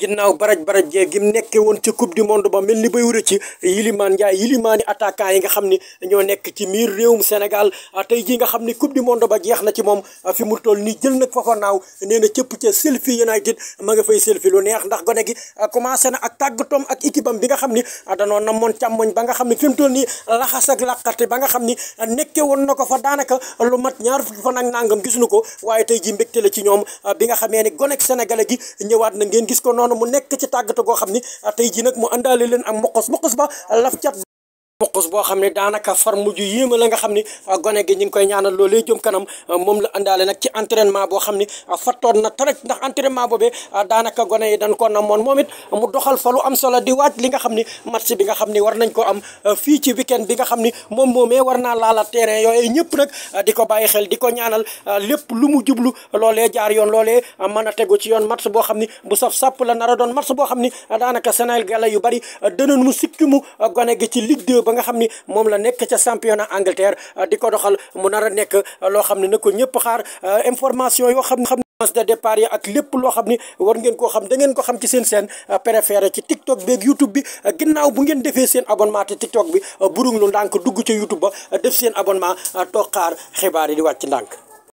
ginnaaw baraj baraj jee gim nekke woon ci coupe du monde ba mel ni bay wuré ci Iliman Ndiaye Ilimani attaquant yi nga xam ni coupe du monde ba jeex na ci moom a mu toll nii jël nag fa ko naaw nee na cëpp ca Sheffield United ma nga fay Sheffield ah, ah, ba nga xam ni fi toll nii laxas ak laqate ba nga xam ni nekke woon na ko fa daanaka lu mat ñaar fukki fan ak nangam gis nu ko waaye tey ji mbégte la ci ñoom ah, bi nga xamee ni gone sénégalais gi ñëwaat na ngeen gis ko noonu mu nekk ci tàggatu goo xam ni tey ji nag mu àndaale leen ak mboqos mboqos ba laf cat puqus boo xam ne daanaka ah, ah, ah, na taraj ndax entraînement boobee daanaka gone mu doxal fa am solo di waaj li nga xam ne match bi nga xam ne war nañ ko am fii ci weekend bi nga xam ne moom moomee war naa laala terrain yooyu ñëpp nag di ko bàyyi xel di ko ñaanal lépp lu mu jublu loolee jaar yoon loolee mën a tegu ci yoon match boo xam ne bu saf sàpp la nar a doon match boo xam ne daanaka Sénégal yu bari dënoon mu sikki mu gone gi ci Ligue ba nga xam ni moom la nekk ca championnat Angleterre euh, di ko doxal mu nar a nekk euh, loo xam ne na ko ñëpp xaar euh, information yoo xam ne de depart yi ak lépp loo xam ni war ngeen koo xam da ngeen ko xam ci seen seen préféré ci TikTok beeg YouTube bi ginnaaw bu ngeen defee seen abonnement te TikTok bi burung lu ndànk dugg ca YouTube ba def seen abonnement toog xaar xibaar yi di wàcc ndànk